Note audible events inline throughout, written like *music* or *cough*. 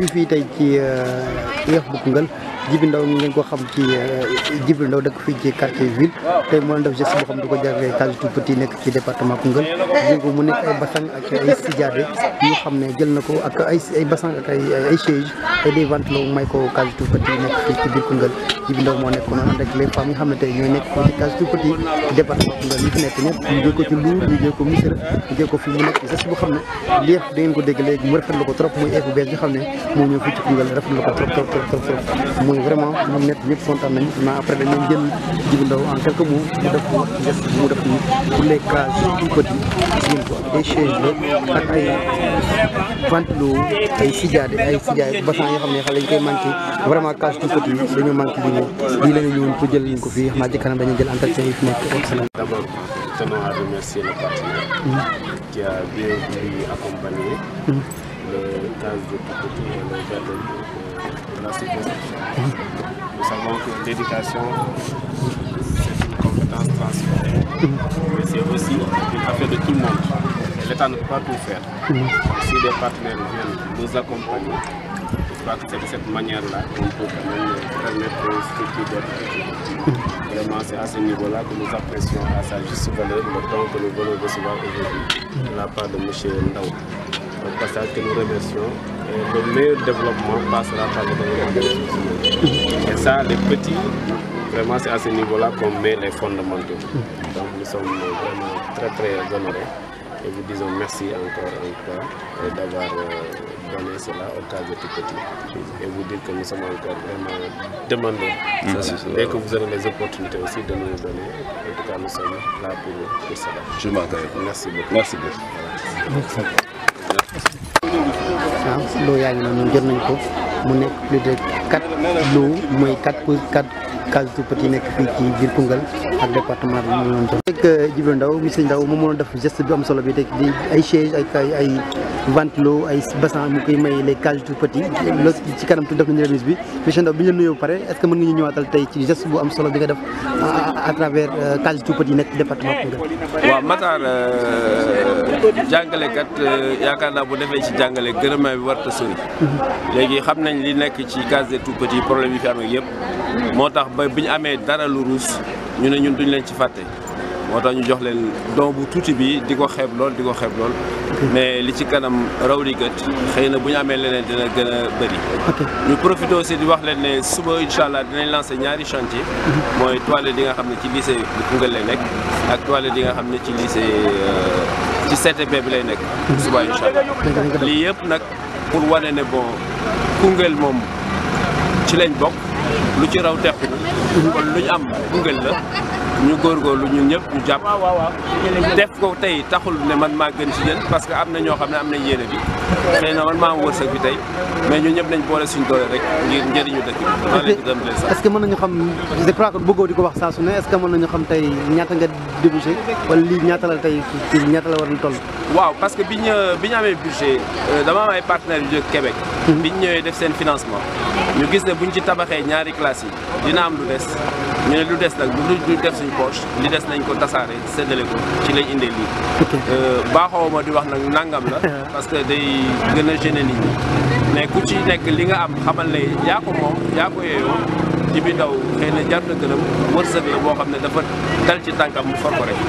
ñu fii tey ci euh, yeex bu Koungheul Djibi Ndaw ngeen ko xam ci euh, Djibi Ndaw dëkk fii ci quartier ville tey moo def nekk ci département xam ne jël na ko ak ay ay basang ak ay ay chaise te day may ko Case tout petit nekk fii ci biir moo nekk noonu ànd ak les femmes yi xam ne tey ñooy nekk fii ci Case tout petit ko ci Lour ñu jël ko Missirah ñu jël ko fii mu nekk geste boo xam ne léef da ngeen ko dégg léegi mu rafetlu ko trop muy eefu bees xam ne moo ñëw fii ci Koungheul rafetlu ko trop trop trop trop mooy vraiment ñoom ñett ñëpp kontaan nañu mais après dañu leen jël Djiby Ndao en quelques mots mu def ko geste mu def nii pour les ko ak ay ventilo ay sijaade ay sijaade yoo xam ne xale lañ koy manqué vraiment cas tout petit dañu manqué li ñu lii la ñu ñëwoon jël ñu ko fii xam naa ci kanam dañuy jël entretien yi fi nekk d'abord tenons mm-hmm. a bien voulu accompagner mmh. le la sécurité. Nous savons que l'éducation, c'est une compétence transférée, mais c'est aussi une affaire de tout le monde. L'État ne peut pas tout faire. Si des partenaires viennent nous accompagner, je crois que c'est de cette manière-là qu'on peut quand même permettre aux structures d'être Vraiment, c'est à ce niveau-là que nous apprécions à sa juste valeur le temps que nous venons recevoir aujourd'hui de la part de M. Ndao. au passage que nous remercions. Et le meilleur développement passera par le développement Et ça, les petits, vraiment, c'est à ce niveau-là qu'on Donc nous sommes très très honorés. Et vous disons merci encore encore d'avoir euh, donné cela au cas de tout petit. Et vous dire que nous encore vraiment demandés. Mmh. Ça, Dès les opportunités aussi de nous donner, en nous sommes là pour, pour cela. Je m'en Merci beaucoup. Merci Merci beaucoup. lots yaa ngi noonu ñun nañ ko mu nekk plus de quatre lots mooy quatre pour quatre case tout petit nekk fii ci biir Koungheul ak département bi mu euh, doon moo def geste bi am solo bi rek di ay chaise ay ay ay ay bassin mu koy may les cases tout petit loolu ci kanam tuuti def nañu bi monsieur bi ñu la nuyoo pare est ce que mën nga ñu ñëwaatal tey ci geste bu am solo bi nga def euh, à travers case euh, tout petit nekk département yaakaar naa bu defee ci jàngale gërëmaa bi war ta sori. Mhm. léegi xam nañ li nekk ci case des tout petits problème yi fi am ak yëpp moo tax ba bi ñu amee dara lu ruus ñu ne ñun duñ leen ci fàtte moo tax ñu jox leen don bu tuuti bi di ko xeeb lool di ko xeeb lool. mais li ci kanam raw li gët xëy na bu ñu amee leneen dina gën a bëri. ñu profité aussi di wax leen ne suba incha allah dinañ lancé ñaari chantier mhm. mooy toilette di nga xam ne ci lycée bu Koungheul lay nekk ak toilette di nga xam ne ci lycée euh, ci CTP bi lay nekk. Mhm. suba incha allah lii yëpp nag pour wane ne bon Koungheul moom ci lañ bokk. lu ci raw tepp kon lu ñu am Koungheul la ñu góorgóorlu ñun ñëpp ñu jàpp def ko tey taxul ne man maa gën ci jën parce que am na ñoo xam ne am nañ yéene bi xëy na man maa wërsëg bi tey mais ñun ñëpp nañ boole suñ doole rek ngir njëriñu dëkk maa leen di gën nañu xam je crois di ko wax saa su ne est-ce que mën nañu tey ñaata nga débouché wala lii ñaata la tey ci ñaata la war na toll waaw parce que bi ñu bi ñu amee budget euh, dama am ay partenaires yu jóge Québec hmm. bi ñu ñëwee def seen financement ñu gis ne bu ñu ci tabaxee ñaari classes yi dina am lu des ñu ne lu des nag lu def suñu li des nañ ko tasaare séddale ko ci lañ indee lii. Euh, baaxoo ma di wax nag nangam la. *laughs* parce que day gën a gêner nit ñi mais ku ci nekk li nga am xamal ne yaa ko moom yaa ko yeyoo ji bi daw xëy na jar na gërëm boo xam ne dafa dal ci tànkam mu for ko rek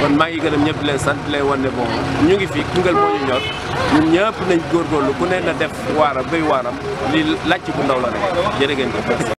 kon maa ngi gërëm ñëpp di leen sant di leen wan ne bon ñu ngi fi Koungheul moo ñu ñor ñun ñëpp nañ góorgóorlu ku ne na def waara béy waaram li làcc bu ndaw la rek jërë ngeen ko.